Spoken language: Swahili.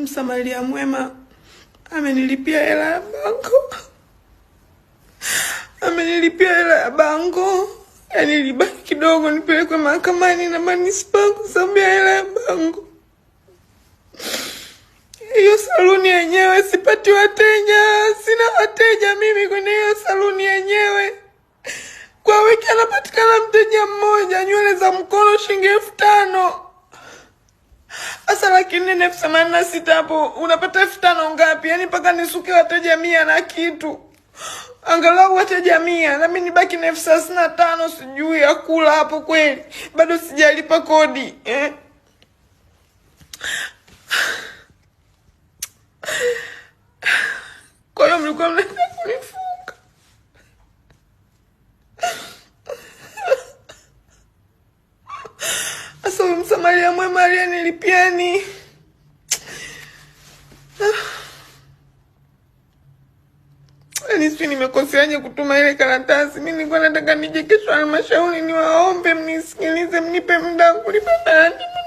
Msamaria mwema amenilipia hela ya bango, amenilipia hela ya bango. Yani libaki kidogo nipelekwe mahakamani na manispa kusambia hela ya bango. Hiyo saluni yenyewe sipati wateja, sina wateja mimi kwenye hiyo saluni yenyewe. Kwa wiki anapatikana mteja mmoja, nywele za mkono shilingi elfu tano. Sasa laki nne na elfu themanini na sita hapo unapata elfu tano ngapi? Yaani mpaka nisuke wateja mia na kitu, angalau wateja mia, nami nibaki na elfu thelathini na tano sijui ya kula hapo. Kweli bado sijalipa kodi eh? Kwa hiyo mlikuwa mnaenda kunifu Sasa huyu msamaria mwema aliyenipiani ah. yaani, nimekoseaje kutuma ile karatasi. Mi nilikuwa nataka nije kesho halmashauri niwaombe mnisikilize, mnipe muda wa kulipa